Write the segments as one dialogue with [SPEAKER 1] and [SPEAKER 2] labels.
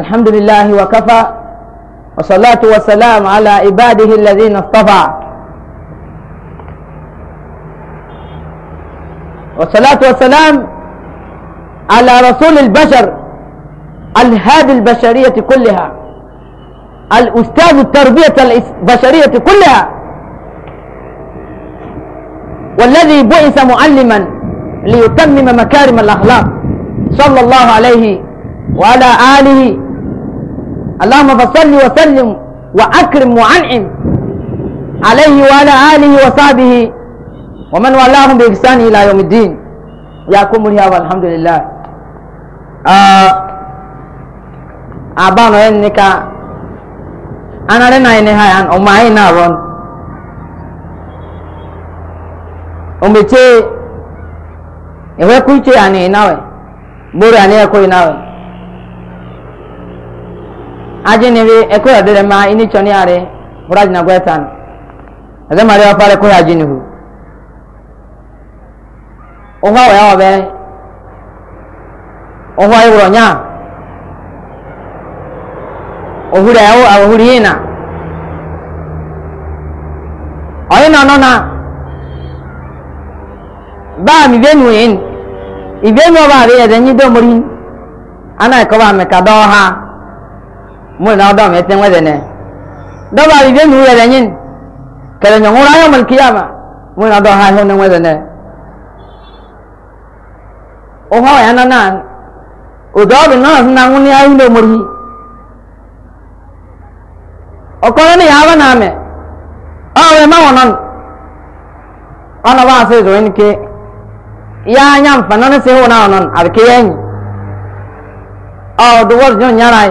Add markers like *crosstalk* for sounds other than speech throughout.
[SPEAKER 1] الحمد لله وكفى والصلاة والسلام على عباده الذين اصطفى والصلاة والسلام على رسول البشر الهادي البشرية كلها الأستاذ التربية البشرية كلها والذي بعث معلما ليتمم مكارم الأخلاق صلى الله عليه وسلم وعلى آله اللهم فصل وسلم وأكرم وأنعم عليه وعلى آله وصحبه ومن والاهم بإحسان إلى يوم الدين يا كمريا والحمد لله أبانو إنك أنا لنا إنها أن أمعي نارون أمتي إيه كويتي أني ناوي بوري أني أكوي ناوي ajinibi ekoya dere ma ini choni are muraj na gwetan ade mari wa pare koya jinihu owa wa obe owa iwro nya ohuri awo ahuri ina oyina no na ba mi benu in ibenu ba re ede nyi do mori ana ko ba me ka do ha mun na da mai tanwa da ne da ba rije nu ya yin kada ne ngura ya mal kiyama mun na da ha ho ne wa da o ho ya na na o do bi na na ngun ya hu do muri o ko ne ya ba na me a we ma wonon ana ba sai zo in ke ya nyam fanan sai ho na wonon arke yin a do wor jon nyarai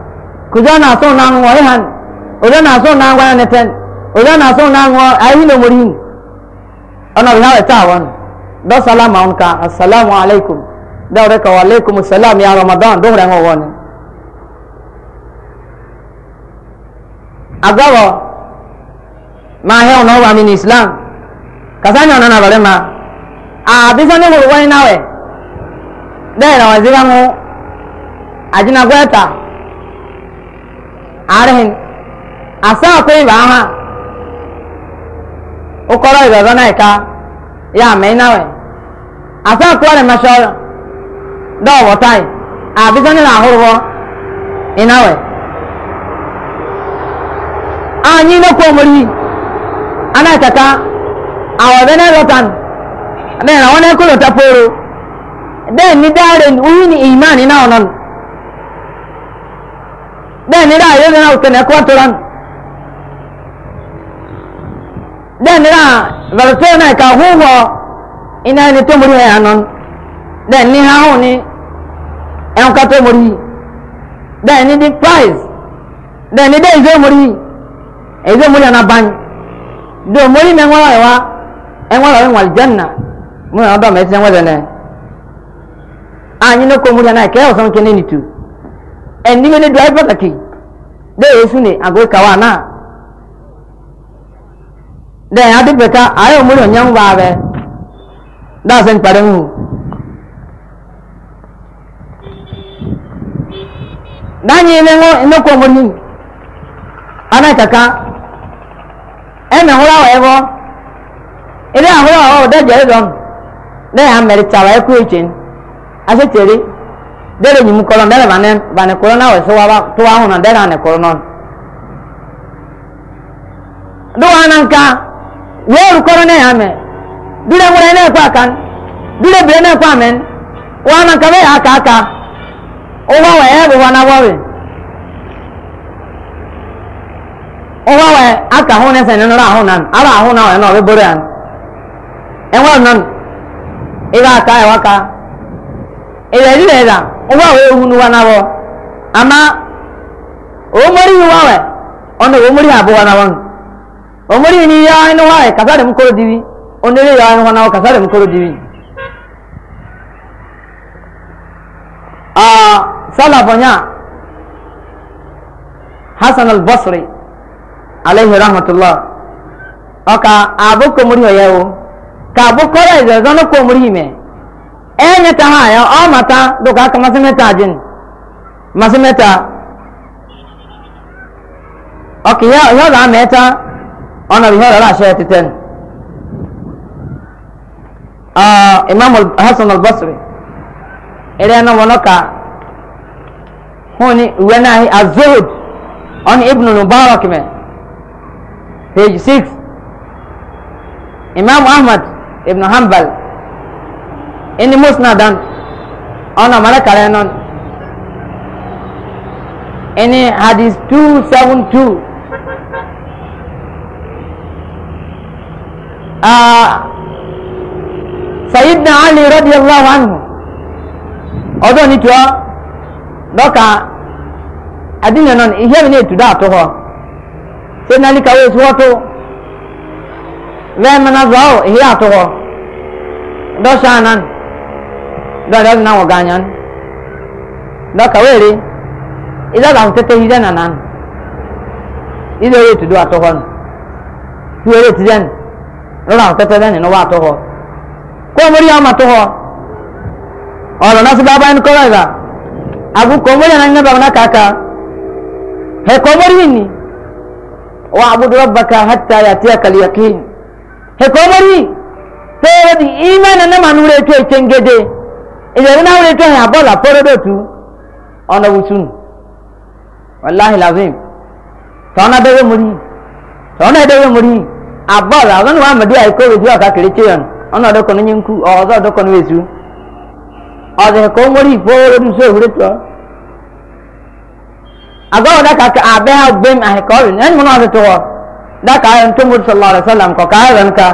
[SPEAKER 1] kụja na-asọ na aṅụ ọrị ha ụjọ na-asọ na aṅụ ya neten ụjọ na-asọ na aṅụ ahịhị na omori ihu ọnọdụ ha weta nọ. dọ salam ahụ ka asalamu alaikum dọwụrụ ka wa alaikum salam ya ramadan dọ ahụ ọwọ ni agwọrọ ma ahịa ọnụ ọwa ni islam kasanya ọnụ na-abalị ma abịsa ndị hụrụ wọnyi nawe dee na waziri ahụ ajinagweta arhin asa ko ba ha o koro ibe ga ya me na we asa ko re ma sho do wo tai a bi zani na horo ina we anyi no ko muri ana kaka awabe na rotan ne na wona ko lo taporo den ni dare uyi ni imani na onon dẹ́ni rà yóò nira òtún ẹ̀kọ́ tó rán dẹ́ni rà vẹ̀rẹ̀tẹ́ náà ẹ̀ka húwọ́ iná ẹni tó mórí ẹ̀yà nọ dẹ́ni háhùn ni ẹ̀ǹkà tó mórí dẹ́ni di price dẹ́ni dẹ́ ìzé mórí ìzé mórí ẹ̀nà ban dò mórí ní ẹ̀wọ́n ẹ̀wá ẹ̀wọ́n ẹ̀wọ́n wà lìjánná mú ẹ̀wọ́n bá mẹ́sìn ẹ̀wọ́n dẹ̀ nẹ́ àyìn ní kò mórí ẹ̀nà ẹ̀kẹ́ ọ̀sán kí ní nìtú ẹni mi ni do ayé pàtàkì dẹ yẹ su ni àgọ́ ìkàwá náà dẹ yẹn adi pẹ̀ka ayé òmùrè ọ̀nyán wá bẹ dáàsẹ̀ nkparẹ́ mu dányé ilé ńlọ ilé kọ́ ọmọ ní aná kàkà ẹnì húrá wọ̀ ẹ bọ́ ilé àhúrá wọ̀ ọ̀ dẹ́jẹ̀ ẹ̀ dọ́n dẹ́yà tàwa ẹ̀ kú ẹ̀kyẹ́ ní dere nyimu kɔlɔn dere bane bane kɔlɔn na wɔsi wa to wa hona dere ane kɔlɔn nɔn do wa nan ka wɔɔru kɔlɔn ne yamɛ dure ŋmɛrɛ ne kɔ akan dure bire ne kɔ amɛn wa nan ka bɛ yà aka aka o wa wɛ ɛyɛ e wa na wɔri o wɛ aka ho ne ne nora aho nan ara e aho na wɛ na ɔbɛ bori yan ɛwɔ nan ebe aka ɛwɔ e aka ɛyɛ ɛdi na ɛda ngwa wa ehu nuwa na wo ama omori wa wa ono omori abuwa na won omori ni ya ni wa ka sare mu koro diwi onere ya ni wa na ka sare mu koro diwi ah sala bonya hasan al basri alaihi rahmatullah aka aboko muri ya wo, ka aboko ra izo zono ko muri me enye ta ha ya ọ mata dụka aka masị meta jin masị meta ọka ya ọ ga ameta ọ na ihe ọrara ashe etiten imam hasan al-basri ere na wọn ka huni uwe na ahi azuhud on ibn mubarak me page 6 imam ahmad ibn hanbal ini musna dan ana mana kalanon ini hadis 272 ah sayyidina ali radiyallahu anhu ọdọ ni tiwa dọka adina nan ihe mi ne tu da ato hɔ sɛ na ali kawo esuwɔ to bɛɛ mana zɔɔ ihe ato hɔ dɔ saa nan dọ́ọ̀dọ́ ọ̀dún náà wọ̀ gànyọ́ ni were wéèrè ìdọ́ọ̀dà àwọn tètè yìí dẹ́nà nánu ìdí eré ètùdó àtọ́họ́ nù tí eré ètùdó dẹ́nu lọ́dọ̀ àwọn tètè dẹ́nu níwọ̀ àtọ́họ́ kó omori yà ọmọ àtọ́họ́ ọ̀rọ̀ náà sì bá báyìí kọ́rọ̀ ìlà àbúkọ omori yà nínú bàbá kàkà ẹ̀kọ́ omori yìí ni wà àbúdó rọ́bàkà hàtà yàtí omori ìjẹ̀bi náà wọlé tẹ̀yìn abọ́ọ̀lù àpọ́rọ́dọ̀tù ọ̀nà wùsùn wàláhì làzim tọ́nà dẹ́wẹ́ mú rí tọ́nà dẹ́wẹ́ mú rí abọ́ọ̀lù àwọn ọ̀nà wàmẹ̀dí àìkó wèjú ọ̀ka kiri tíyàn ọ̀nà ọ̀dọ́kọ̀ ní nyínkù ọ̀ọ́dọ́ ọ̀dọ́kọ̀ ní wèsù ọ̀dẹ̀ kò mórí ìfowóródùsọ òwúrẹ́ tọ́ daka ka abẹ́ ha gbẹ́m àhìkọ́rin ẹni mú daka ayọ̀ ntọ́mọdé sọlá rẹ̀ sọlá nkọ̀ káyọ̀ rẹ̀ nka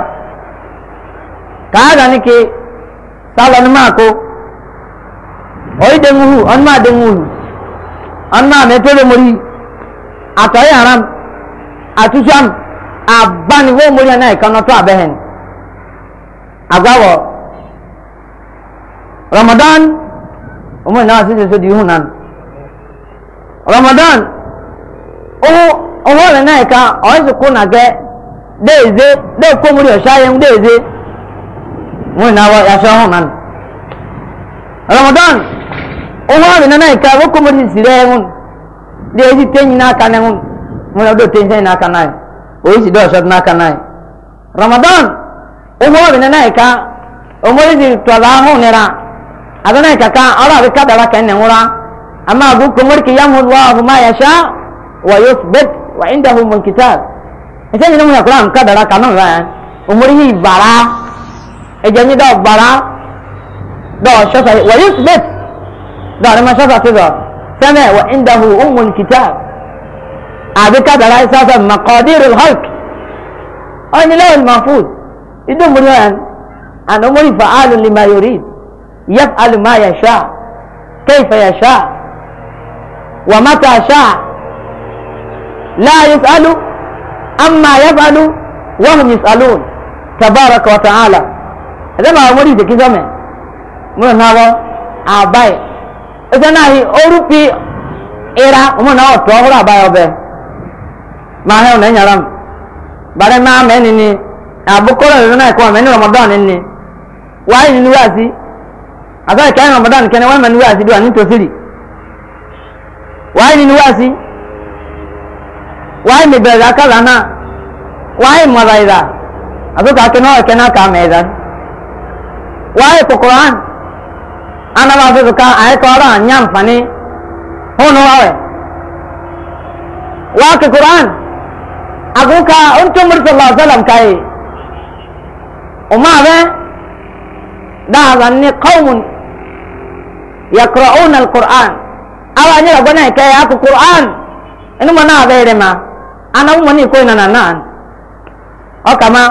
[SPEAKER 1] káyọ̀ rẹ̀ nìke sálọ̀ ní máa oyi de nwuhu ọnụ nwuhu ọnụ ma mepere mori atọghị haram atụsam abaniwo mori anaghị ka nọtụ abeghen ramadan ụmụ na asị sịsị dị ramadan ọhụrụ anaghị ka ọyịsị kwụ na gị deeze deekwo mori ọsha na ọhụrụ na ramadan ụwa ọrụ nana nke nwoke mmiri siri ehun dị ezi tenyi n'aka na ehun nwere ọdọ tenyi tenyi n'aka na oyi si dị ọsọ n'aka na ramadan ụwa ọrụ nana nke omori si tọla ahụ nira adọ na nke ka ọrụ abụ kadara ka nne nwụra amma abu kumar ki yamu wa abu ma ya sha wa yusbit wa inda hu mun kitab ese ni mun yakura am kadara ka no do bara do shosa wa yusbit da ma shafa ce da sama wa indahu ummul kitab abika da rai sasa maqadirul khalq ani lawal mahfuz idan mun yan an umri fa'alun lima yurid yaf'al ma yasha kayfa yasha wa mata sha la yus'alu amma yaf'alu wa hum yus'alun tabaraka wa ta'ala idan ma umri da kizame mun nawo abai ẹsẹ náà yìí orúkì ìra ọmọ ọtọ ọhúrọ àbáyọ bẹ máa hẹ ọ̀nà ẹ̀yàrá bàrẹ máa mẹ́ni ni àbúkọ́rọ̀ na náà ẹ̀kọ́ mẹ́ni ramadan ni wáyé nínú asị ramadan kẹ́ni wọ́n mẹ́ni wá asị dùwà nítòsírì wáyé aka wá na wáyé mi bẹ̀rẹ̀ akálà náà wáyé mọ̀ra ìrà ana ba su ka ai kora nyam fani hono wawe wa ka qur'an aguka untum sallallahu alaihi wasallam kai umma ba da zanni qaumun yaqra'una alquran awa ni la gona kai ya qur'an inu mana bere ma ana mu ni ko ina na na o kama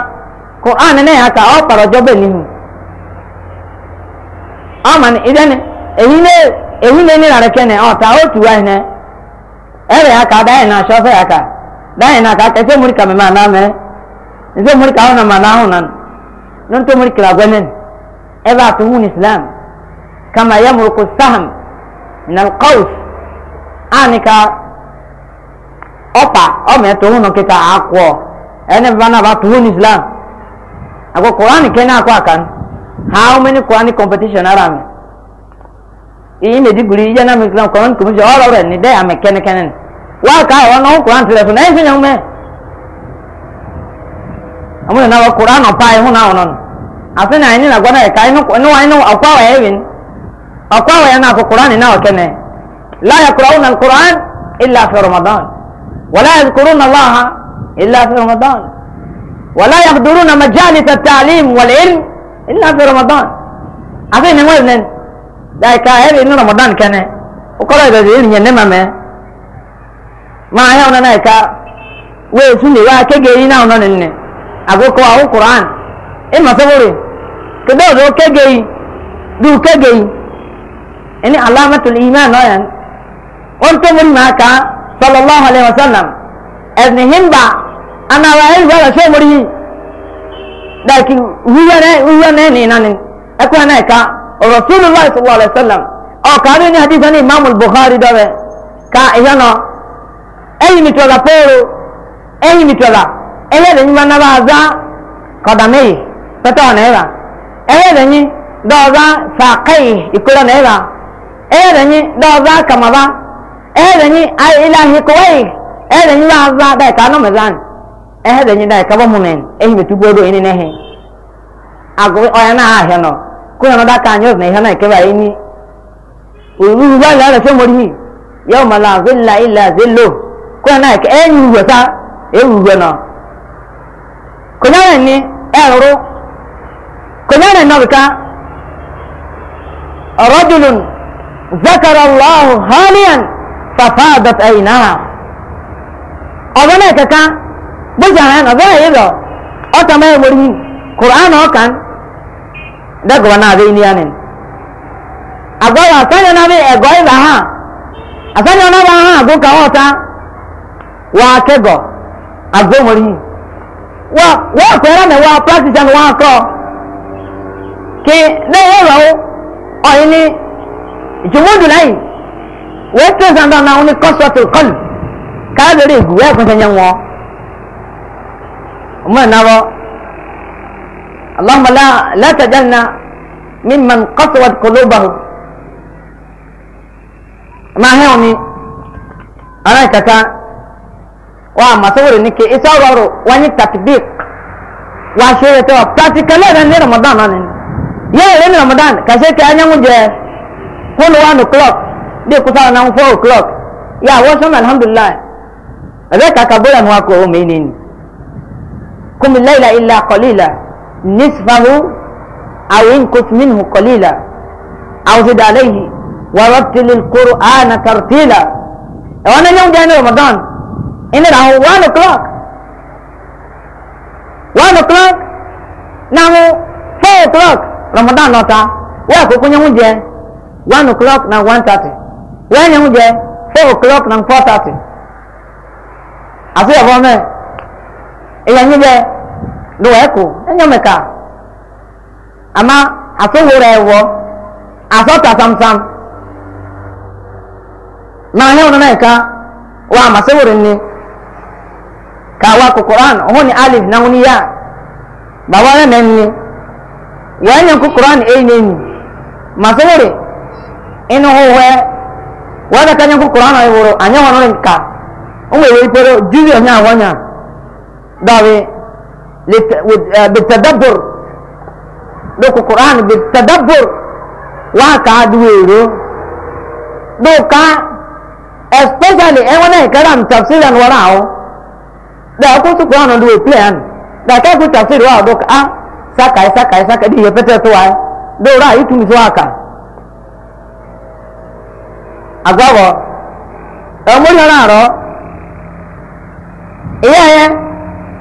[SPEAKER 1] qur'an ne aka o parojo be ni ọmọ ìdẹ́ni èyí ne èyí lé ní ìrànlẹ́kẹ́ ni ọ̀tá ó tù wáyé náà ẹ̀rẹ̀ yà ká dáyìn náà sọ́fẹ́ yà na-aka ka ká kẹsẹ́ múri kàmí máa náà mẹ́ ẹsẹ́ múri kàwọn náà máa náà hùn náà ló islam kàmá yẹ múrukú saham minal anika àní ká ọ̀pá ọ̀mẹ́ tó hùn ta àkọ́ ebe bá na islam na How many Quranic competition are there? Iyi ne diguri ije na mi Islam Quran kumisi all over ni de ame kene kene. Wa ka wa no Quran tele fun ai fun me. Amu na wa Quran o pa ihu na onon. Afi na ni na gona e kai no no wa no akwa wa evin. Akwa wa na ko Quran na wa kene. La yaqrauna al-Quran illa fi Ramadan. Wa la yadhkuruna Allah illa fi Ramadan. ولا يحضرون مجالس التعليم والعلم ina fi ramadan afi ni wẹ́n nẹ́ni daika ẹ̀rí ní ramadan kẹ́ni ọkọ̀rọ̀ ìdọ̀dọ̀ yìí nìyẹn nẹ́mà mẹ́ máa yẹ ọ̀nà náà ká wẹ́ẹ̀ tún lè wá kége yìí náà ọ̀nà nìyẹn àgókò àwọn quran ìmọ̀ sọ́wọ́rẹ̀ kébé ọ̀dọ̀ kége yìí du kége yìí ẹni alámẹ́tòlì ìmọ̀ ẹ̀ náà yẹn wọ́n tó mú nìyẹn ká sọlọ́láhùn alẹ́ wa sálàm ẹ̀sìn hìmbà anáwó ẹ̀rí wọ́n lọ sí ọmọdé yìí like wíyẹnẹ wíyẹnẹ nìyẹn ni ẹkọ ẹnẹ ẹka rasulillah sallallahu alayhi wa sallam ọkàrin ní hadith ní imaamu buhari dọwẹ ka ìyẹn nọ ẹyin mi tọ́lá pọ́ọ̀rọ̀ ẹyin mi tọ́lá ẹyẹ lẹ́yìn bá nàbà àzá kọ̀dàmẹ́yì pẹ́tọ́ náírà ẹyẹ lẹ́yìn dọ́ọ̀zá fàákẹ́yì ìkúrọ̀ náírà ẹyẹ lẹ́yìn dọ́ọ̀zá kàmàbá ẹyẹ lẹ́yìn ilà hìkọ́wẹ́yì ẹyẹ lẹ́yìn bá àzá bẹ́ẹ̀ ká nọ́mẹ̀zánì ehe da nyida ka ba munen ehi metu bodo ini nehe ago oya na ha hano ko na da ka anyo ne hana ke ba ini uru ba la da fe mori yau mala zilla illa zillu ko na ke enyu wata e uru na ko na ni e ro ko na na ka رجل ذكر الله هاليا ففاضت عينها أظن كَكَ bujara na bẹ́ẹ̀ yìí lọ a mẹ́rin mo rí kuran ọ̀kan dẹ́gbọ̀n náà bẹ́ẹ̀ ní yánni àgọ́wọ̀ àtọ́jọ́ náà bẹ́ẹ̀ ẹ̀gọ́ ìlà hàn na náà bá hàn àgó kàwọ́ ọ̀tá wà á kẹ́gọ̀ àgó mo rí wọ́n na kọ́ ẹ̀rọ na wa ni ni wee nwụọ. ọmọ ìnáwó اللهم لا لا تجعلنا ممن قسوت قلوبه ما هوني أنا كتا وما صوري نكي إصابر واني تطبيق واشيري تو practical لا ني رمضان أنا يا لين رمضان كشيت كأني مجھے كل وان o'clock دي كتار نام four o'clock يا وشون الحمد لله هذا كابولا نواكو مينين قم الليل إلا قليلا نصفه أو انقص منه قليلا أو زد عليه ورتل القرآن ترتيلا وانا اليوم جانا رمضان إن له وان o'clock وان o'clock نعم four o'clock رمضان نوتا واكو كن يوم جانا وان o'clock نعم وان تاتي وان يوم جانا four o'clock نعم four تاتي أصيح فهمه eyanyibe duweku ka ama asowore ewo asota samsam maanye ononeka wa masewore nne ka wa ku alif na hun ya bawara men ni yanye ku quran e ni ni masewore inu huwe wada kanye ku quran e woro anye wonorenka onwe we ipero juri onye داوي بالتدبر دوك القرآن بالتدبر واكا دويرو دوكا especially ẹwọn náà kẹrẹ àmì tafsir ẹnu wọn náà o dẹ ọkọ tó kọ ọnà lóye plẹ ẹnu dẹ akẹ́kọ̀ọ́ tafsir wa ọdọ ká sákàí sákàí sákàí bí iye pẹ́tẹ́ tó wáyé dẹ òrà yìí tún tó àkà. àgbàwọ̀ ẹ̀ mú yàrá rọ ìyá yẹn.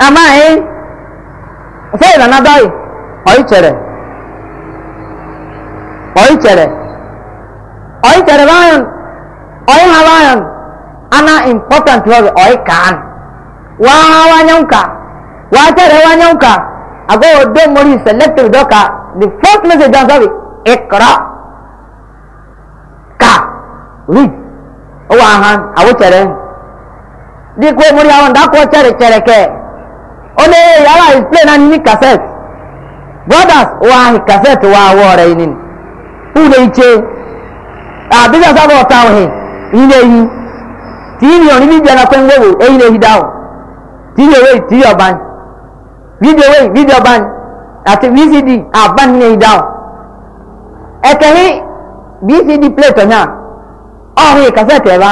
[SPEAKER 1] À, đây, amaghị fail anadọghị ọichere ọichere ọichere bayan ọiha bayan ana important wọrọ ọikan wawanyanka wachere wanyanka agogo don mori selective dọka the first message don sabi ikra ka read ọwọ ahan awuchere dịkwa mori awon dakwa chere chere kee ọ̀nà yàrá ìplẹ̀ na ni cassette brothers wa cassette wa awọ rẹ̀ yìí nínú fúnlẹ̀ ìche àbíjà sábà ọ̀tá ọ̀hìn ni èyí tí ìyìn òní níbi ẹ̀rọ pẹ́ńgbò wò eyín èyí dáhùn tí ìyìn èwé tí ìyìn ọ̀bá ni fídíò wé fídíò ọ̀bá ni àti vcd àbá ní èyí dáhùn ẹ̀kẹ́rin vcd plate ọ̀nyà ọ̀hìn cassette ẹ̀ bá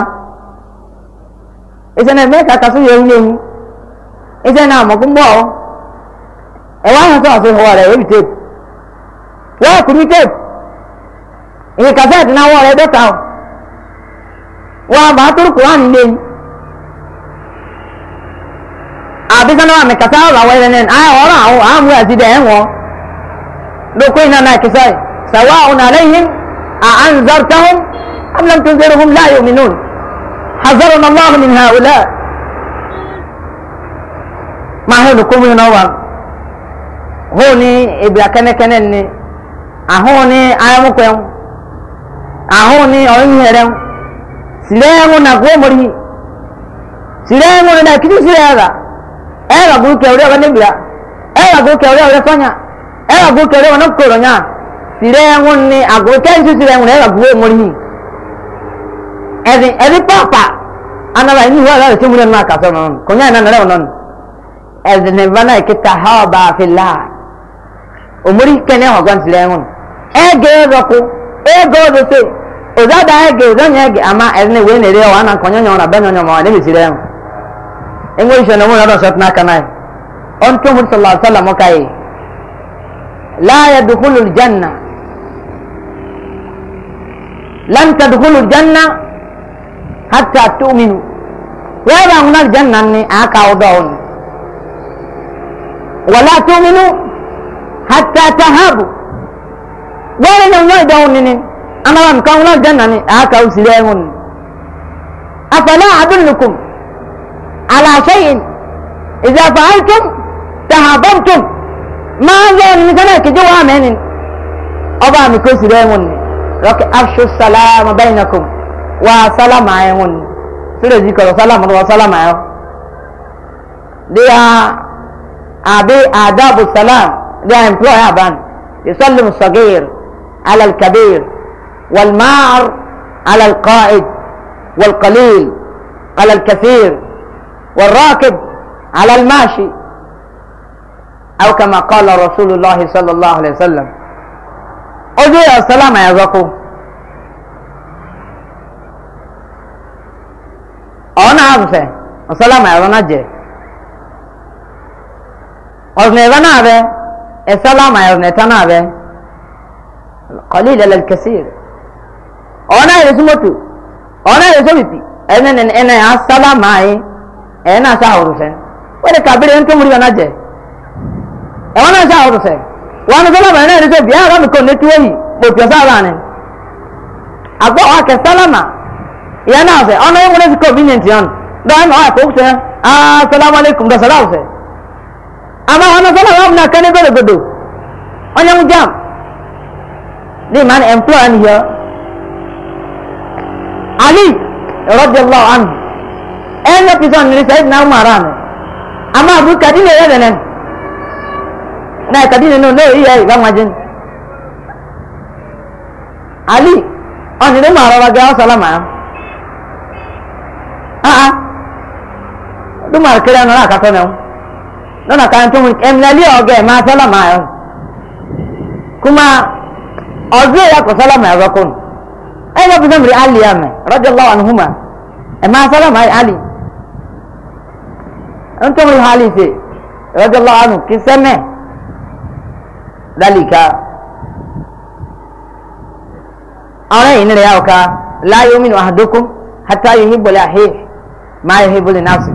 [SPEAKER 1] ìṣẹ̀lẹ̀ mẹ́ta kàtúnyẹ̀ ń lé yín ese na mo gumbo e wa na so so ho ara ebi tape wa ku ni tape e ka sa na wa re do ta wa ba tu qur'an le abi sana wa me ka sa wa wa ne a wa ra o a mu asi de enwo do ko ina na ki sai e. sawa'un alaihim a anzartahum am lam tunzirhum la yu'minun حذرنا الله من هؤلاء máa hó nìkó mi náà wà hó ní ebìrà kẹ́nẹ́kẹ́nẹ́ ni àhó ní ayámúkẹ́ ń àhó ní ọ̀yìn hẹ̀rẹ́ ń sílẹ̀ ń nà kó mọ̀rí sílẹ̀ ń nà kí ní sílẹ̀ ẹ̀rà ẹ̀rà kó kẹ̀wé ọ̀rẹ́ níbìrà ẹ̀rà kó kẹ̀wé ọ̀rẹ́ sọ́nyà ẹ̀rà kó kẹ̀wé ọ̀rẹ́ kòrò nyà sílẹ̀ ń ní àgọ́ kẹ́ńtì sílẹ̀ ń ẹ̀rà kó mọ̀rí ẹ̀dín ẹ̀dín pàápàá anára ẹ̀yìn ɛdini vana ke tahaba fila omori kɛnɛ hɔ gɔntilɛ ŋun ɛgɛ rɔko ɛgɛ o do se oza da ɛgɛ oza nyɛ ɛgɛ ama ɛdini wei ne de wa ana nkɔnyɔ nyɔ na bɛ nyɔ nyɔ ma wa ne bi si dɛ ŋun eŋo yi sɛnɛ ŋun yɛ dɔ sɔ tena kana yi ɔn mu sɔlɔ sɔlɔ mo ka yi laaya dukulu janna lanta dukulu janna hatta tuminu wɛrɛ ŋun na janna ni a ka o wala tuminu hatta tahabu wọ́n yẹn wọ́n ìdánwò nínú anáwó nǹkan wọn jẹ́ nàní àáka òsìlẹ̀ ẹ̀hún ni. afẹ́lẹ́ adúlùkùn aláṣẹ́yìn ìjàpá àìtún tàhábọ́ntún máa ń yẹ́wọ́n nínú sẹ́nà ìkejì wọ́n àmì ẹ̀nì ọba àmì kò sílẹ̀ ẹ̀hún ni lọ́kẹ́ afṣu sàlámà bẹ́yìnàkùn wà sàlámà ẹ̀hún ni sílẹ̀ ìdíkọ̀rọ̀ sàlámà lọ́wọ́ sàlámà ẹ̀hún. أبي آداب السلام ده امبلوي أبان يسلم الصغير على الكبير والمار على القائد والقليل على الكثير والراكب على الماشي أو كما قال رسول الله صلى الله عليه وسلم أجي السلام يا زكو أنا عبسة السلام يا زنجي أرنبا نابه السلام يا أرنبا نابه قليل إلى الكثير أنا يسمتو أنا يسمتي أنا أنا أنا السلام أي أنا ساورسن ولا كبير أنتم مريض أنا جاي أنا ساورسن وأنا سلام أنا يسمتي يا رب كن نتوي بتجسا بانه أبغى أك سلام يا ناس أنا يوم نسكو بينتي أنا ده أنا أقول سه السلام عليكم ده سلام سه ama ɔno sɛ na wɔn na aka ne gologodo ɔnyɛ ho jam ne ma no employer ne yɛ ali rɔdiallahu anhu ɛnyɛ eh, pison ne sɛ ɛdina umar ano ama abu kadi ne yɛ dɛnɛn na kadi ne no ne yɛ yɛ ba ali ɔne ni ma rɔba gɛ ɔsɔlɔ ma aa dumar kiri ano na akatɔ ne nana kan tó mu emilali ọgẹ ẹ máa sálámà ẹ kuma ọdún ẹ̀yà kò sálámà ẹ rọkò nù ẹ yẹ bí sẹ́mìrì ali ẹ̀ mẹ́ rọ́jò lọ́wọ́ ni huma ẹ máa sálámà ẹ ali ẹ ń tó mu ha ali ṣe rọ́jò lọ́wọ́ ni kì í sẹ́mẹ̀ dálìka ọ̀rẹ́ yìí ni rẹ̀ yà ọ̀ka láyé omi ni wàhádókò hátá yìí hìbọ̀lẹ̀ àhẹ́ máa yẹ hìbọ̀lẹ̀ náà sí.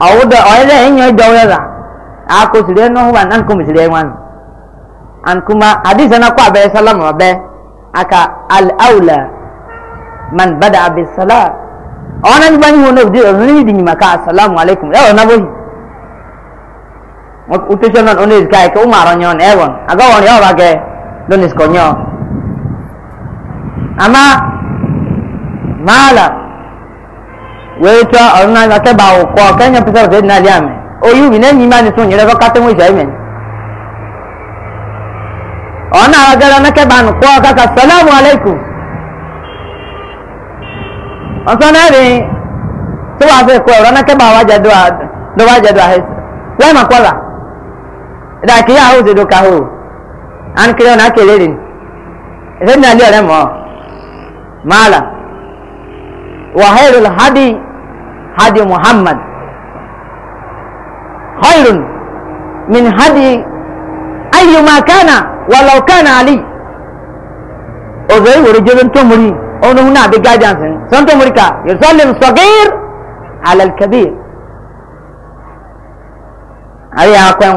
[SPEAKER 1] awuda oyda oh, enyo jawya da ako sire no wan an kum sire wan an kuma hadis na kwa be sallama be aka al aula man bada bis salat ona ni bani wono di ni di maka assalamu alaikum ya ona bohi utu chana one kai ko maro nyon ewon aga won yo bage donis konyo ama mala wee chọọ ọrụ na keba akwụkwọ ka enye pụtara dị n'alị amị oyi ubi na enyi mmadụ so nyere kọkata nwe isha ime ọ na-agagara na keba anụ kaka salamu alaikum ọsọ na-eri na keba ka ihe ka ọ na-akele rin edinali ọrịa ma وخير الهدي هدي محمد خير من هدي أيما كان ولو كان علي أزاي ورجل تمري أو هنا بجاجان سن سنت أمريكا يصلي الصغير على الكبير أي أقوم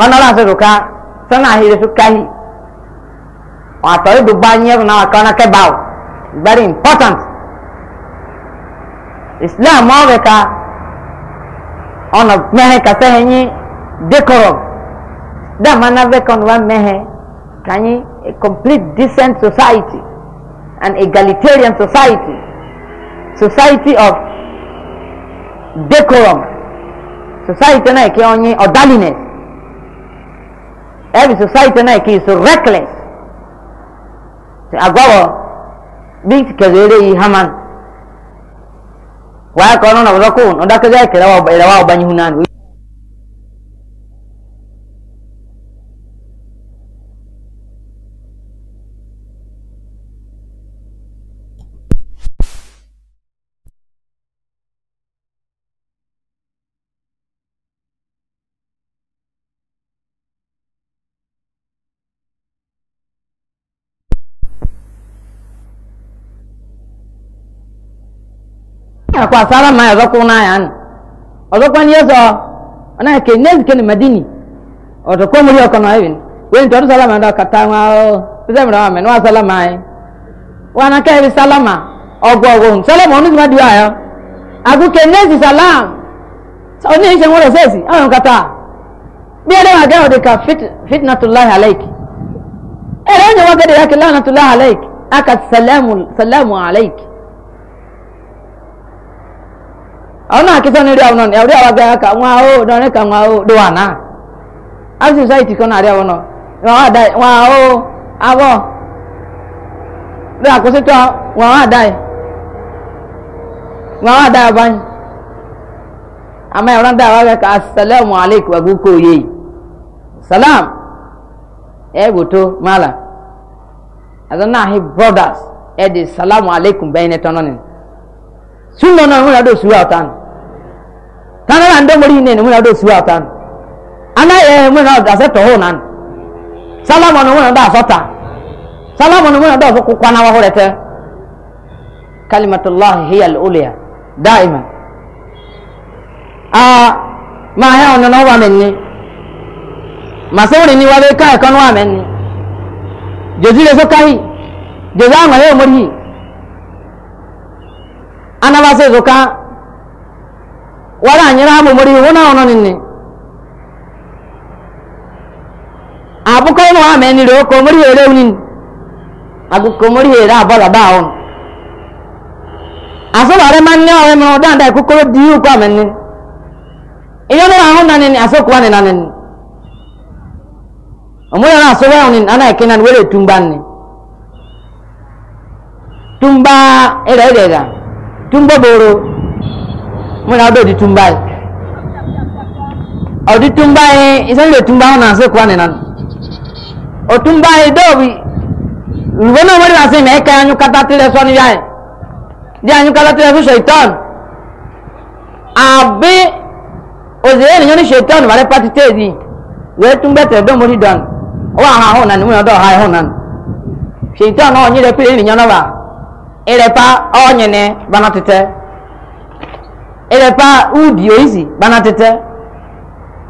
[SPEAKER 1] أنا لا أسألك سنة هي سكاهي وأتريد بانيا ونعكنا كباو very important islam ọbẹ ka ọna mẹhẹ kasẹ hẹnyi decorum dama na bẹ ka ọna mẹhẹ kanyi a complete decent society an egalitarian society society of decorum society náà kí ọnyi orderliness every society náà kí so reckless agbawo bí kẹsàn-án yìí haman wa ya kawo nuna ba za ku wanda ka zai kirawa ba irawa hunan akwa asara ma ọzọkwa na ya nụ ọzọkwa ndị ọzọ ana eke nezi ke na madini ọzọkwa omori ọkọ na ebin wee ntọ ọdụ salama ndị ọkata nwa ọ pịsị mere ọma nwa salama wana nwa na ka ebi salama ọgụ ọgụ salama ọnụ zima diwa ya agụ ke nezi salam ọnụ ihe nwere sesi ọ nkata bịa dị maka ọ dị ka fitnatulahi alaiki ere onye nwa gede ya ke lanatulahi alaiki aka salamu salamu alaiki àwọn akẹ́kọ̀ọ́ ní rí àwọn náà ẹ̀rí àwọn agbára kà wọ́n ahó dọ́rin kà wọ́n ahó dó wà náà àti society kan náà rí àwọn náà wọ́n àdá wọ́n ahó abọ́ lórí àkóso wọ́n àdá wọ́n àdá abáyé àmọ́ ẹ̀rọ dá àwọn akẹ́kọ̀ọ́ asalaamu aleykum agúkọ òye yìí salam ẹ̀ bò tó mọ́là àti brothers ẹ̀ di salaamu aleykum bẹ́yìn ní tọ́nà ni súnmọ́ náà ń rìn àdó sùúrù àtàn kana na ndo mori ne mu na do suwa tan ana ye mu na da se to ho nan salama no mu na da sota salama no mu na da so kwa na wa horete kalimatullah hiya al-ulya daima a ma ha on no wa men ni masori ni wa be e kai kan wa men ni jojire so kai jeza ngale mori ana ba se zo ka wara anyịra ha mụmụrụ iwu na ọnọ nini abụkọ ịnụ ha mee nire oke omori here unini agụkọ omori here abọla daa ọnụ asọbara ma nne ọrụ mere ọdọ ada ekukoro dị ihe ukwu amenni ihe ọnụ ahụ na nini asọkwa nị na nini omori ọrụ asọwa ọnụ nini anaghị kena were tumba nni tumba ere ere tumba boro muna ọdọ di tumba yi ọdi tumba yi isan le tumba hàn ase kwan nina tumba yi dọọbi olùbọ náà wọlé lásìkò mẹ ẹka anyu kata tilẹ sọ níyà yi di anyu kata tilẹ sọ ṣètọ́n àbí ozi nìyẹn ní ṣètọ́n pati tumba nani nani pa erepa ubi oizi banatete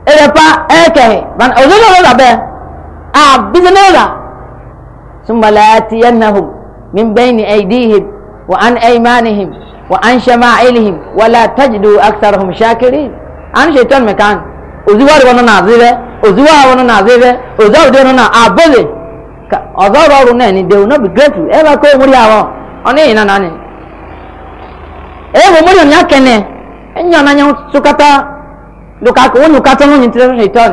[SPEAKER 1] erepa ekehe ozozolola be a bizolola summa laatiyannahum min bayni aydihim wa an aymanihim wa an shama'ilihim wa la tajidu aktharahum shakiri an shaitan mekan oziwari wono na azibe oziwa wono na azibe ozawde wono na abole ọzọrọ ọrụ náà ni they will not be grateful ẹ bá kó omori àwọn ọ ní ìnana ni ẹ wọ omori òní akẹnẹ. enya na nyawo tsukata duka ko wonu kata no nyintre shaitan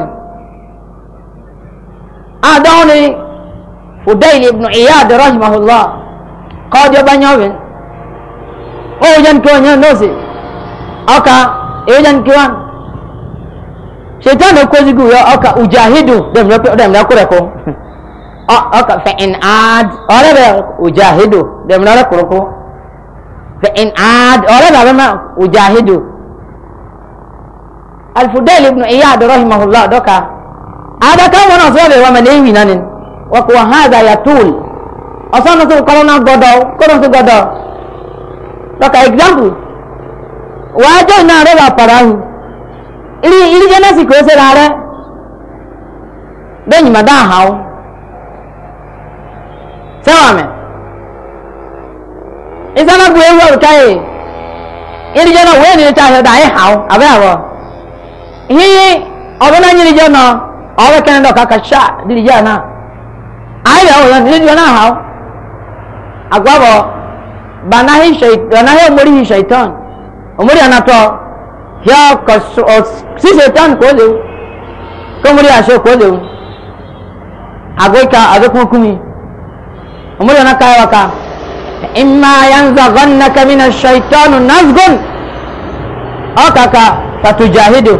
[SPEAKER 1] adawni fudail ibn iyad rahimahullah qadi banyawen o jan ko nya nosi aka e jan kiwan shaitan ko zigu ya aka ujahidu dem na dem na kure ko aka *laughs* fa in ad ore be ujahidu dem na kure ko fa in ad ore ba ma ujahidu alfudel ibn iyad rahimahullah doka ada kan wana so be wama leyi nanin wa ko hada yatul asana so ko na godo ko so godo doka example wa jo na re ba parahu iri iri jana si ko se rare den ma da hawo sawame isana buwe wa kai iri jana we ni ta da ai hawo abawo hiyi ọbụna nyiri je nọ ọrụ kene dọ ka kacha diri je na anyị bịa ụlọ ndị dị na ha agwa bụ banahi shaitan nahi omori hi shaitan omori anato ya ka si shaitan ko lewu ko omori ya ashe ko lewu agwika agwikumi omori anaka ya waka imma yanzaghannaka min ash-shaytanu nazghun akaka fatujahidu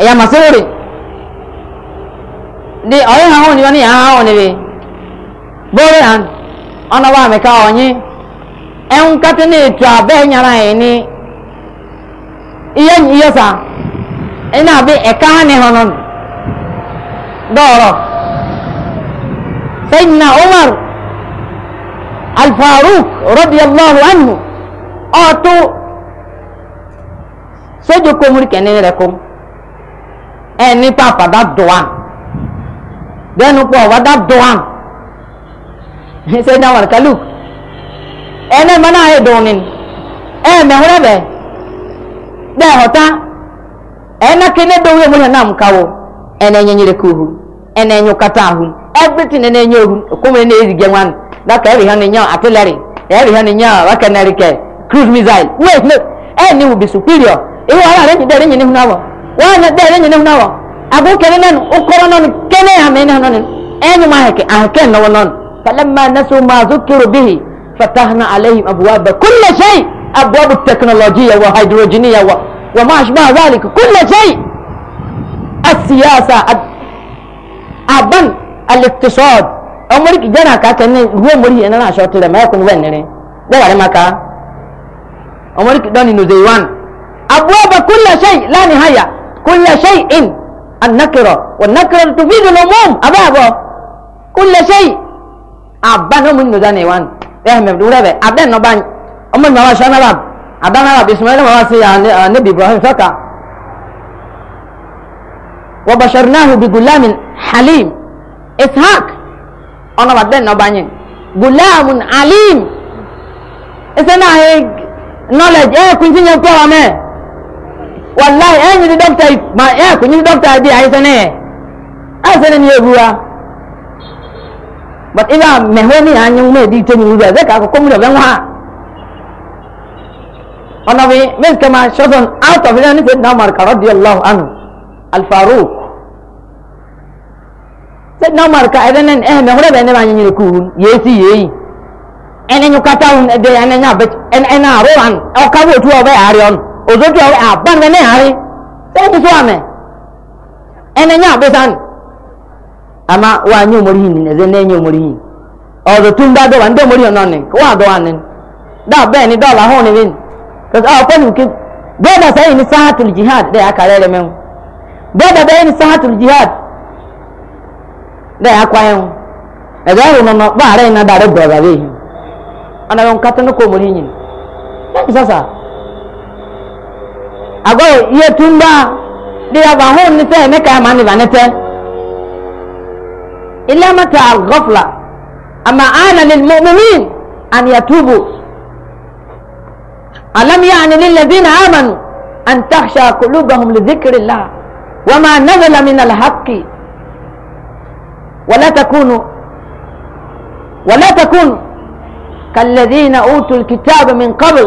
[SPEAKER 1] ɛyà masewore de ɔyɛ ha wɔn nipa ne yɛ ha wɔn ne bi bori han ɔna wa meka ɔnye ɛnkata ne etu abɛɛ nyara yɛ ne iye iye sa ɛna abe ɛka ha ne hɔ no dɔɔrɔ sɛnyina omar alfaruk rɔdiyallahu anhu ɔɔto sojo komori kɛne ne rɛ kom ɛni papa da doan dɛnu kpɔ wa da doan sɛnyɛ wani kalu ɛnɛ mɛ n'a ye dɔɔnin ɛɛ mɛ hɔrɛ bɛ dɛ hɔta ɛnɛ kene dɔw ye mun yɛ nam kawo ɛnɛ nyɛnyɛrɛ kohu ɛnɛ nyɔ kata ahu everything ɛnɛ nyɛ ohu kɔmi ne ezi gɛn wani daka ɛbi hɛ ni nyɛ artillery ɛbi hɛ ni nyɛ wakɛnɛri kɛ cruise missile wait no ɛɛ ni wo be superior ewu ara rɛ nyi dɛ rɛ nyi ni hun awɔ. وانا ده لين نحن نوا ابو كنن اقرن كن يا من هنن انو ما هيك اه كن نوا نون فلما نسوا ما ذكروا به فتحنا عليهم ابواب كل شيء ابواب التكنولوجيا والهيدروجينيا و... وما اشبه ذلك كل شيء السياسه أب... ابن الاقتصاد أمريكا جانا كاتن هو مري انا شوت ما يكون وين ني ده ولا ما كا أمريكا داني نوزيوان ابواب كل شيء لا نهايه كل شيء النكرة والنكرة تفيد العموم أبابا كل شيء أبانا من نزاني وان فهم إيه يبدو ربي أبانا نبان أما ما شانا رب أبانا رب إسماعيل ما واسي آه، نبي إبراهيم فكا وبشرناه بغلام حليم إسحاق أنا بدنا نبان غلام عليم إسنا هيك knowledge إيه كنتي نقول أمين wallahi ɛn nyiri dɔkta yi ma ɛn ko nyiri dɔkta bi ayi sɛnɛ ayi sɛnɛ ni ewura but ibi a mɛhɔ ni yà anyi mu edi tɛ nyiri wura ɛbɛ k'a kɔ kɔmu dɛ ɔbɛ ŋwa ɔnɔbi mɛn kɛmɛ sɔsɔn out of ɛna nife na mari karɔ diɛ lɔw anu alifaru sɛ na mari ka ɛdɛ nɛni ɛhɛ mɛhɔ dɛ bɛ ne b'a nyɛ nyiri kuhu yeesi yeeyi ɛnɛ nyukata ɛdɛ ɛnɛ nyɛ abɛ ɛnɛ ɛnɛ arɔ anu ɔkabu otu ɔbɛ ariɔnu. ojojo aban ah, ne ne hari sai ku so ame ene nya besan ama wa nyu mori ni ne ne nyu mori o do tun da do wan do mori no ne wa do wan ne ni dola ho ne win cuz a ko ni ki be da sai ni sahatul jihad da aka rere men be da be jihad da ya kwa yen e da ru no no ba re na da re do ga we ana yon katana ko mori ni agwa iye tumba di ya bahun ni sai meka mani banete illa mata al ghafla amma ana lil mu'minin an yatubu alam yani lil ladina amanu an takhsha qulubuhum li dhikrillah wama nazala min al haqqi ولا تكونوا ولا تكونوا كالذين اوتوا الكتاب من قبل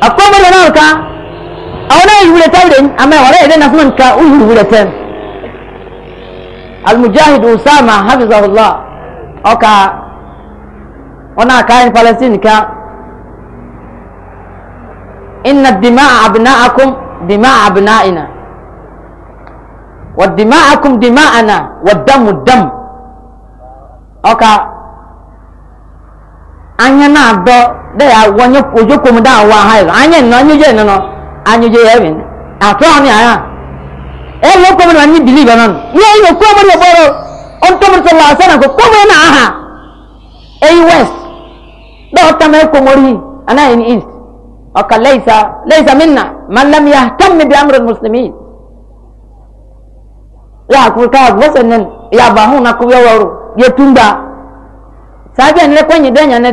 [SPEAKER 1] akwai mu da ka a wani yi ta wurin amma wani idan na kuma ka uhu wule ta المجاهد أسامة حفظه الله أوكا هنا كاين فلسطين كا إن الدماء أبناءكم دماء أبنائنا والدماءكم دماءنا والدم الدم أوكا anya na adọ dị ya wanye ojoko m daa wa ha ịlụ anya nnọ anya ojee nnọ anya ojee ya bin atụ ọnụ ya ya ebe okwu mmadụ anyị bilibe nọ ihe ihe okwu mmadụ ọkpọrọ ọntọmọdụ sọlọ asọ na nke kọmọ na aha eyi west dị ọta ma ekwu mori anaghị n east ọka leisa leisa minna ma lam ya tam mi bi amụrụ muslimi ya akwụrụ ka akwụrụ sọ nne ya bụ ahụ na kụwa ọrụ ya tumba saa bịa nile kwenye dị anya na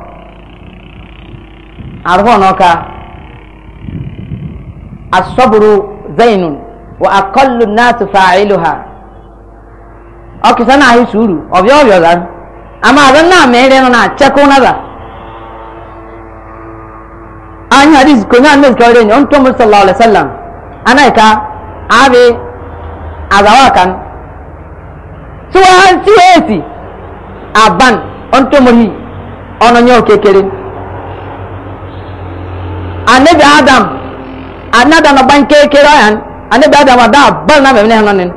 [SPEAKER 1] arụhụ n'ọka asọbụrụ zainun wa akọlụ nasu fa'ilu ha ọkịsa na-ahị suru ọbịa ọbịa ọzọ ama azụ nna mere nọ na chekụ nada anyị hadis konye a mezika ọrịa enyi ontu ọmụrụ sallallahu alaihi wasallam anaika abi azawa kan tiwa ha tiwa esi aban ontu ọmụrụ ọnụ nye okekere anabi adam anada na ban kekere yan anabi adam ada bal na memne hanan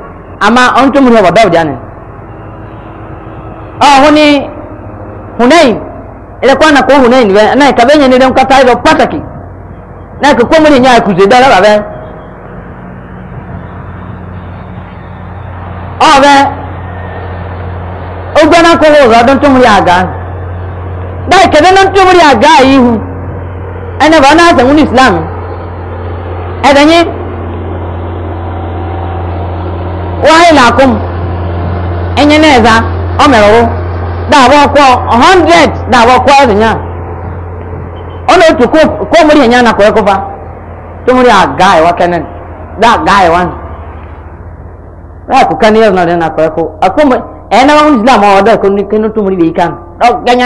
[SPEAKER 1] ama onto mu ba dawo jani ah honi hunain kwa na ko hunain we na kabenye ni demka taido pataki na ko ko muri nyaa kuze dara ba be ah be ogbana ko ho ga don ya ga dai ya ga ihu ẹnna bá náà ní islam ẹ̀dẹ̀nyẹ wáyé làákùm ẹ̀nyẹ náà ẹ̀dá ọ̀mẹ̀rọ̀wọ́ dàbọ̀ ọkọ̀ hundred dàbọ̀ ọkọ̀ ẹ̀dẹ̀nyà ọ̀nà otu kọ́mùrì ẹ̀nyà nà kọ̀ọ̀kọ̀ fa tọ́mùrì àgá ẹ̀wá kẹ́nẹ̀ dá àgá ẹ̀wá nù ráàkù ká ní ẹ̀rọ náà dẹ̀ nà kọ̀ọ̀kọ̀ àkọ́mù ẹ̀ẹ́nà wọn ní islam ọ̀dọ́ ẹ̀kọ́ ní kẹ́nu tọ́mùrì lè yí kánù ọ̀ gẹ́nyà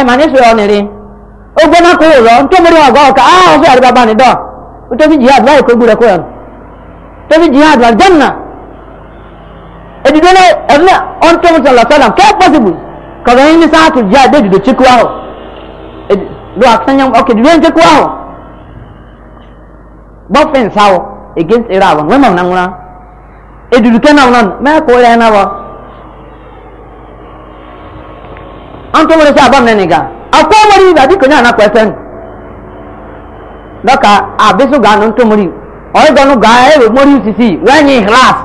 [SPEAKER 1] ẹ̀mà ní sọ̀rọ̀ nìrí ó gbóná kó rọ̀ tó mú rí ọ̀gá ọ̀ka á ọ̀fẹ́ àríbàbà nìdọ̀ tó fi jihad kó gbúrẹ̀ kó yẹn fi jihad jẹ́nà èdìdó ẹ̀mí mú kẹ́ pọ́sibù yín jihad dé lọ yín against mọ̀ an to wuri sabon na niga akwai wuri da dika yana na kwesen daga abisu ga nun to muri oyi ganu ga ewe eh, muri sisi wani hlas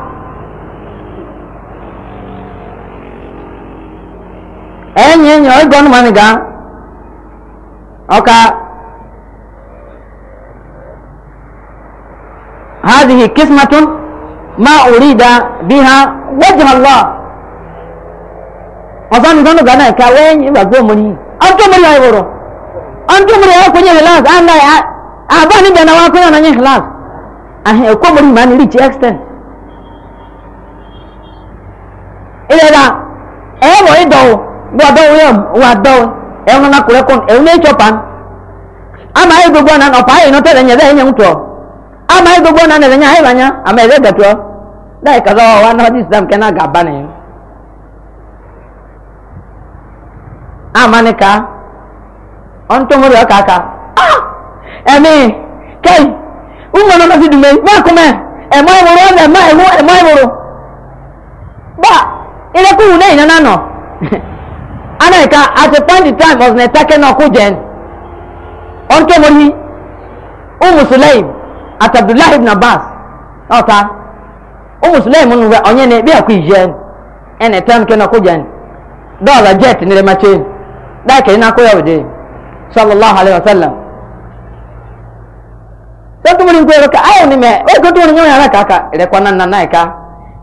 [SPEAKER 1] enyi enyi oyi ganu ma niga oka هذه قسمة ما أريد بها وجه Allah ọ̀sán nìkan nìkan náà ìka wẹ́n ìgbà tó mú ni ọ̀tún mú ni ọ̀rọ̀ ọ̀tún mú ni ọ̀rọ̀ kò ní ìlàs àná àbá níbi ẹ̀nà wọn kúrò náà ìlàs àhìn ẹ̀kọ́ mú ni màá ní rich extent. ìrẹ̀dà ẹ̀ wọ̀ ìdọ̀wọ̀ wà dọ̀wọ̀ yẹn wà dọ̀wọ̀ ẹ̀ wọn náà kúrẹ́ kún ẹ̀ wọn ẹ̀tsọ̀ pan ama ayé gbogbo na ọ̀pá ayé iná tẹ̀lé ẹ̀yẹ ẹ̀yẹ ńtọ̀ ama ayé gbogbo ọ̀nà ẹ̀yẹ ẹ̀yẹ ẹ̀yẹ ama ẹ̀yẹ gàtọ̀ láì kàtà wà wà náà ọdún islam kẹ́ amanika ah, ọ̀ntọ́mọdé ọkà aka ah! ẹ̀mí kẹ́yì ụmụnna náà ti dùmẹ̀ máa kọ́ mẹ́ ẹ̀mọ́ ìwòrò ọ̀nà ẹ̀mọ́ ìwòrò ẹ̀mọ́ ìwòrò bá na náà na nọ at a point in time ọ̀sán ẹ̀tẹ́kẹ́ náà kú jẹun ọ̀ntọ́mọdé ụmụ sulaim at abdullahi ụmụ na ebi dáàkì iná kó yàwó dé sallallahu alayhi wa sallam sọ́kù múni nkú ẹ̀rọ ká ayọ̀ ni mẹ́ ẹ̀ kó tó wọn nyẹ́wọ̀n yàrá kàkà ẹ̀rẹ̀ kọ́ náà náà ẹ̀ka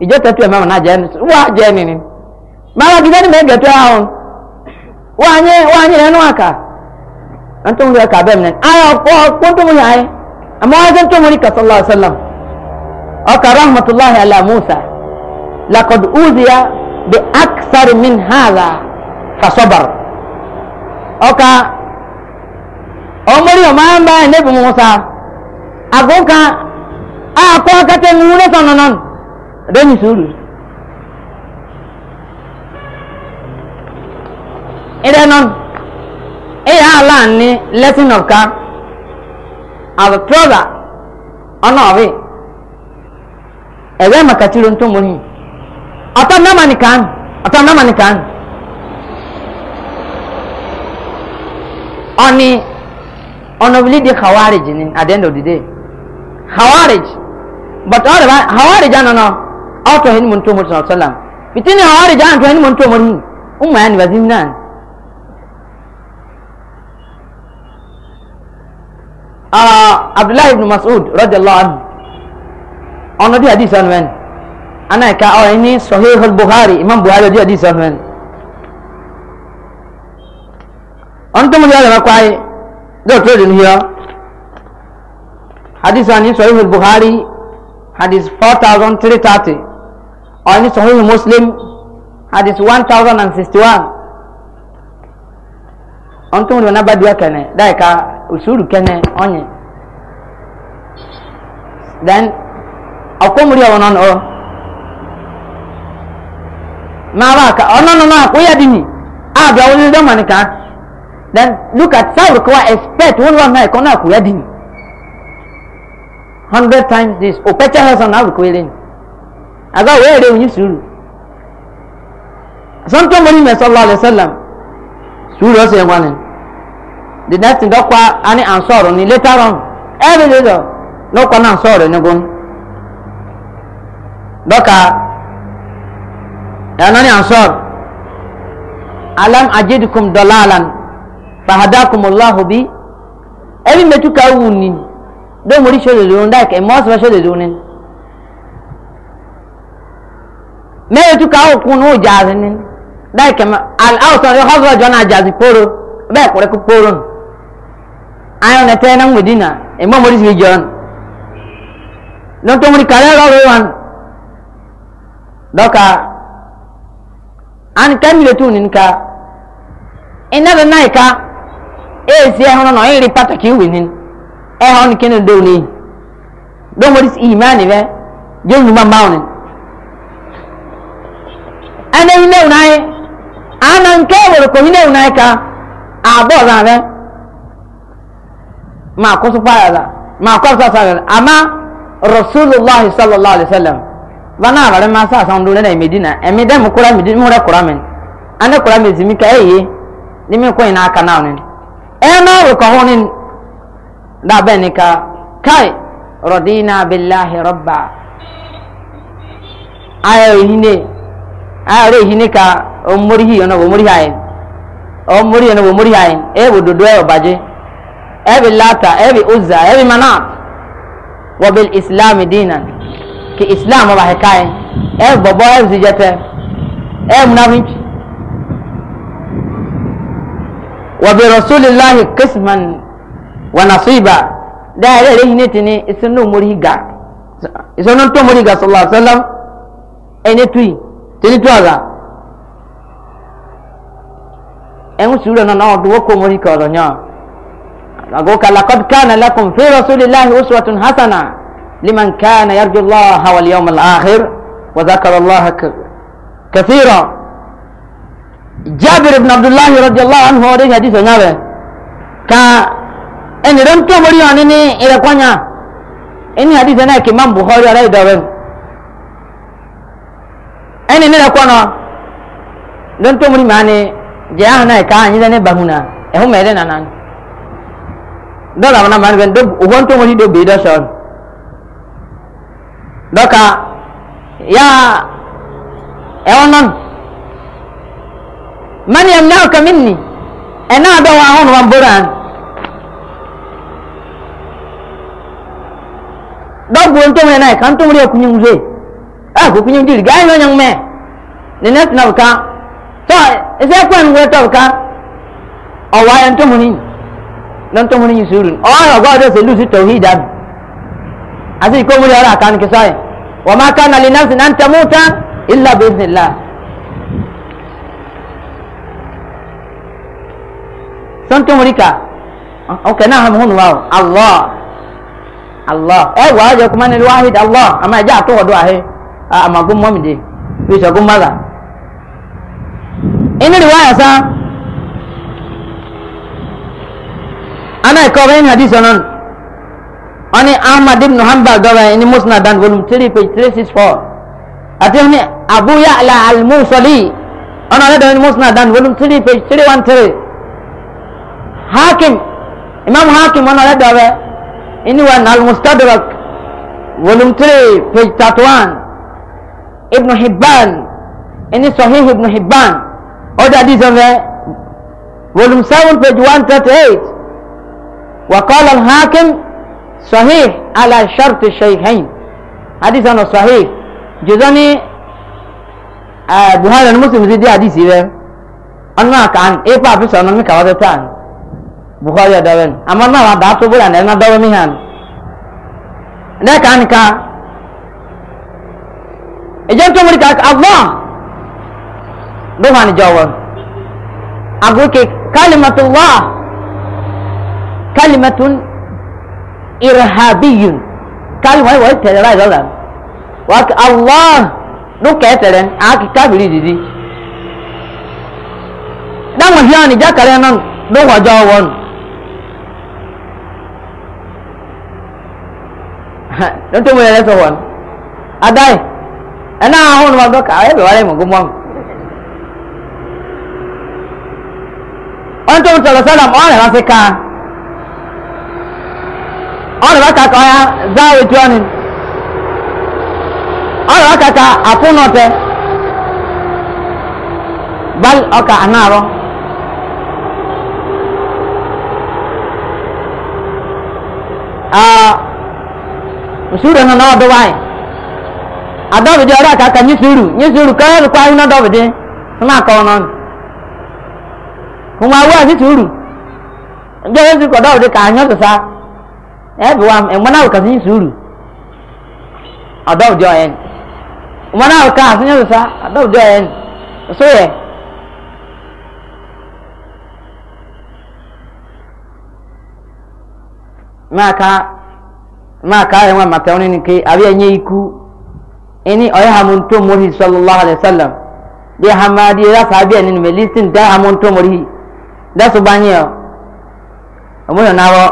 [SPEAKER 1] ìjọ tẹ̀tù ẹ̀ mẹ́wọ̀n náà jẹ́ ẹni wọ́n á jẹ́ ẹni ni màmá gidi ẹni mẹ́ẹ̀ gẹ̀tù ahọ́n wọ́n á nyẹ́ wọ́n á nyẹ́ ẹnu àkà ẹ̀ntọ́mùnì ẹ̀ka bẹ́ẹ̀ mi ayọ̀ kọ́ kóntómùnì ayé àmọ́ wọ́n á jẹ́ ntọ́mùnì kà sallallahu alayhi wa sallam ọkà rahmatulahi ala musa lakọ̀dù uziya bi aksari min hàdà fasobar. ọka ọmọdé ọmọ ayé ń bá ẹnẹ sá àgùnkà àkọ akẹtẹ ń wúlé sọnọnà lẹyìn sùúrù. ìdẹ nọ ìyá aláàní lesson of car as a trouser ọ̀nà ọ̀rẹ́ ẹ̀rẹ́ màkàtí ló ń tó mọ́ ọni ọnọbili di khawarij ni at the end of the day khawarij but ọrẹ ba khawarij anana ọtọ hin mu ntomo sọlọ sọlọ fitini khawarij anana hin mu ntomo hin umu ya ni ba zin nan uh, abdullahi ibn mas'ud radiyallahu anhu ọ̀nà di hadith ọ̀nà mẹ́ni ana ẹ̀ka ọ̀ oh, ẹni sọ̀hẹ́ buhari imam buhari di hadith ọ̀nà mẹ́ni. أنتم يا لما كواي دو تريدن هي حديث عن صحيح البخاري حديث 4330 عن صحيح مسلم حديث 1061 أنتم لما بدوا كنه دايكا usuru kene onye then akomuri awon on o ma ba ka onono na ko yadini a ba woni do manika then look at sabr kawa expect wọn wà náà ẹ̀kọ́ náà kò yẹ́dì ni hundred times this òpẹ́tẹ́ hẹ́sán náà rò kó eré ni àgbà wọ́n èrè òyìn sùúrù sọ́ńtò mọ́ni mẹ́sàn-án lọ́wọ́ alẹ́ sẹ́lẹ̀m sùúrù ọ̀sẹ̀ yẹn wà ní the next thing dọ́kwa ani ansọ́ọ̀rọ̀ ni later on every day dọ̀ lọ́kọ̀ náà ansọ́ọ̀rọ̀ ni gun dọ́kà ẹ̀ nani ansọ́ọ̀rọ̀ alam ajidukum dọ́là fahadakumullahu bi ebi metuka wu ni do mori shole lorun da ke mo so shole lorun me metuka o kun o jaazin ni da ke al out on hazra jona jaazi poro be ko re ko poro ayo ne te na medina e mo mori si jon no to mori kare ro wan doka an kan le tunin ka inna na ka esi ɛhono na ɔyɛ de pataki wini ɛhɔ no kene do ne don wɔde si imani bɛ jɔn numa mbawo ne ɛna yi ne wunaye ana nke e wɔre ko yi ne wunaye ka abɔ ɔzan bɛ maa kɔso paaya la maa kɔso sa sa ama sallallahu alaihi wa sallam bana abare ma sa asan do na medina ɛmi kura medina mu rɛ kura mi ɛna rekɔ ho ne da bɛn ka kai rɔdina bilahi rɔba ayɛ ohine ayɛ ɔrɛ ohine ka ɔmori hi ɔnɔ ɔmori ha yɛn ɔmori ɔnɔ ɔmori ha yɛn ɛbi dodo ɛyɛ ɔbagye ɛbi lata ɛbi uza ɛbi manat wɔbi islam diina ki islam ɔba hɛ kai ɛbi bɔbɔ ɛbi zijɛtɛ ɛbi munafinci. وبرسول الله قسما ونصيبا ده عليه نتني اسنو مريغا اسنو تو مريغا صلى الله عليه وسلم اين توي تني ازا ان سورة دو كو مريكا رنيا لقوك لقد كان لكم في رسول الله أسوة حسنة لمن كان يرجو الله واليوم الآخر وذكر الله كثيرا jabir ibn abdullahi radiyallahu anhu ọdẹ ní àdìsọ nyàbẹ ka ẹni rẹ ń tó mọrí wọn ní ìrẹkọnyà ẹni àdìsọ náà kì í má buhari ọdẹ ìdọrẹ ẹni ní ìrẹkọnà rẹ ń tó mọrí màá ní jẹ ahàn náà ká ànyìn ní bahuna ẹhún mẹrẹ nànà dọlà wọn náà màá ní òwò ń tó mọrí dóbi man yamna'uka minni ɛna adɔ wɔn ahono wɔn boran dɔbuo ntom yɛ nai ka ntom yɛ kunyim hwɛ a ko kunyim diri gaa yɛ nyɛ mɛ ne ne tena ka tɔ ɛsɛ kwan wɛ tɔ ka ɔwɔ yɛ ntom ni na ntom ni suru ɔwɔ yɛ ɔgɔ ɔdɛ sɛ lusi tɔwhid abi ase ko mu yɛ ɔrɔ aka ne kisa yɛ wɔn aka na linafsi na ntamuta illa biiznillah tonto morika okay na hamu hunu wao allah allah eh wa ya kuma ni wahid allah ama ja to do ahe ah, ama gum mom de bi so gum mala in riwaya sa ana ko ben hadith onon oni ahmad ibn hanbal gawa ini musnad dan volume 3 page 364 ati oni abu ya'la al-musali ona da musnad dan volume 3 page 313 hakim imam hakim wana ya dawe ini wa al mustadrak volume 3 page 31 ibn hibban ini sahih ibn hibban oda hadith of volume 7 page 138 وقال الحاكم صحيح على شرط الشيخين حديث أنا صحيح جزاني بهذا المسلم زيدي حديثي أنا كان إيه بابي سأنا مكواتتان buhari adawen amma na wa da to bura na na dawo mi han ne kan ka ejen eh, to muri ka agba do han jawo agu ke kalimatullah kalimatun irhabiyun kalma wa tere ra dala wa allah do ke tere a ki kabiri didi dan wa hiani jakare nan do wa jawo don to mu yɛrɛ sɔ wɔn adan ɛna ahɔn ma dɔ ka ayɛ bɛ wale mu gomɔ mu ɔn to mu tɔlɔ sɔlɔ mu ɔn yɛrɛ fi kan ɔn yɛrɛ kaka ɔya zaa wetu ɔni ɔn yɛrɛ kaka afunɔtɛ bal ɔka anaarɔ. Uh, suru no no do wai adobe de ora ka ka nyi suru nyi suru ka ru kwa no dobe de na ka no kuma wa si suru nje si ko dobe de ka anyo so sa e bi wa e mona ka nyi suru adobe de oyen mona ka si nyi so sa adobe de oyen so ye ma ka ma ka yan wa mata wani ke abi anye iku ini oya hamun to muri sallallahu alaihi wasallam de hamadi ra sabi anin me listen da hamun to muri da su banye o mo na wo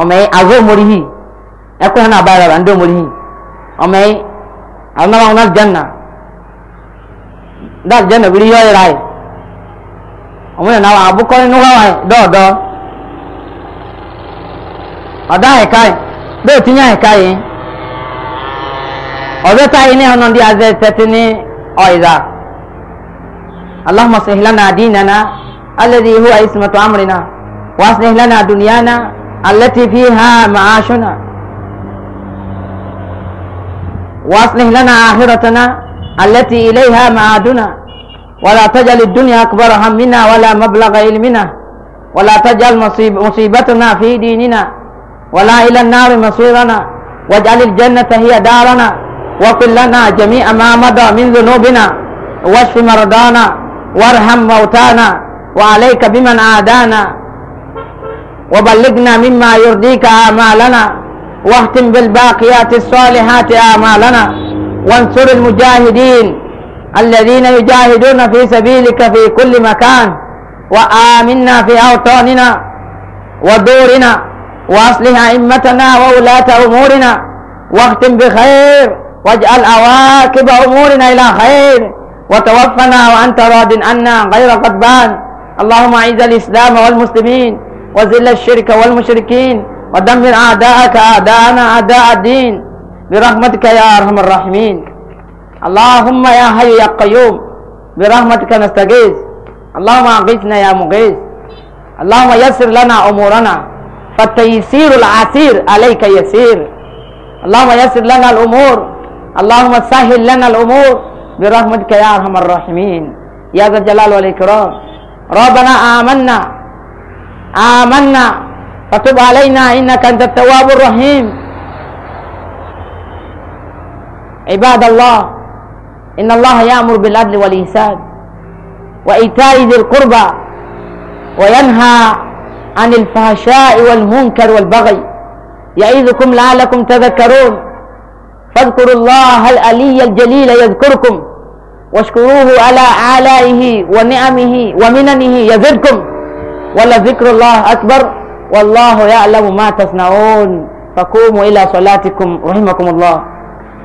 [SPEAKER 1] o me ago muri hi e ko na bara ba ndo muri hi o me ana wa na janna da janna bi yo rai o mo na wa abu ko ni wa do do ada e kai bẹ́ẹ̀ tí yàn ẹ̀ka yìí ọ̀dọ́ táyé ní ọ̀nà ndí azẹ́ tẹ́tí ní ọ̀ìdá allahumma sahih lana dinana alladhi huwa ismatu amrina wa aslih lana dunyana allati fiha ma'ashuna wa aslih lana akhiratana allati ilayha ma'aduna ولا تجعل الدنيا أكبر همنا ولا مبلغ علمنا ولا تجعل مصيب مصيبتنا في ديننا ولا إلى النار مصيرنا واجعل الجنة هي دارنا وقل لنا جميع ما مضى من ذنوبنا واشف مرضانا وارحم موتانا وعليك بمن عادانا وبلغنا مما يرضيك آمالنا واختم بالباقيات الصالحات آمالنا وانصر المجاهدين الذين يجاهدون في سبيلك في كل مكان وآمنا في أوطاننا ودورنا وأصلح أئمتنا وولاة أمورنا واختم بخير واجعل عواقب أمورنا إلى خير وتوفنا وأنت راض عنا غير غضبان اللهم أعز الإسلام والمسلمين وذل الشرك والمشركين ودمر أعداءك أعداءنا أعداء الدين برحمتك يا أرحم الراحمين اللهم يا حي يا قيوم برحمتك نستغيث اللهم أغثنا يا مغيث اللهم يسر لنا أمورنا فالتيسير العسير عليك يسير اللهم يسر لنا الأمور اللهم سهل لنا الأمور برحمتك يا أرحم الراحمين يا ذا الجلال والإكرام ربنا آمنا آمنا فتب علينا إنك أنت التواب الرحيم عباد الله إن الله يأمر بالعدل والإحسان وإيتاء ذي القربى وينهى عن الفحشاء والمنكر والبغي يعيذكم لعلكم تذكرون فاذكروا الله الألي الجليل يذكركم واشكروه على آلائه ونعمه ومننه يزدكم ولذكر الله أكبر والله يعلم ما تصنعون فقوموا إلى صلاتكم رحمكم الله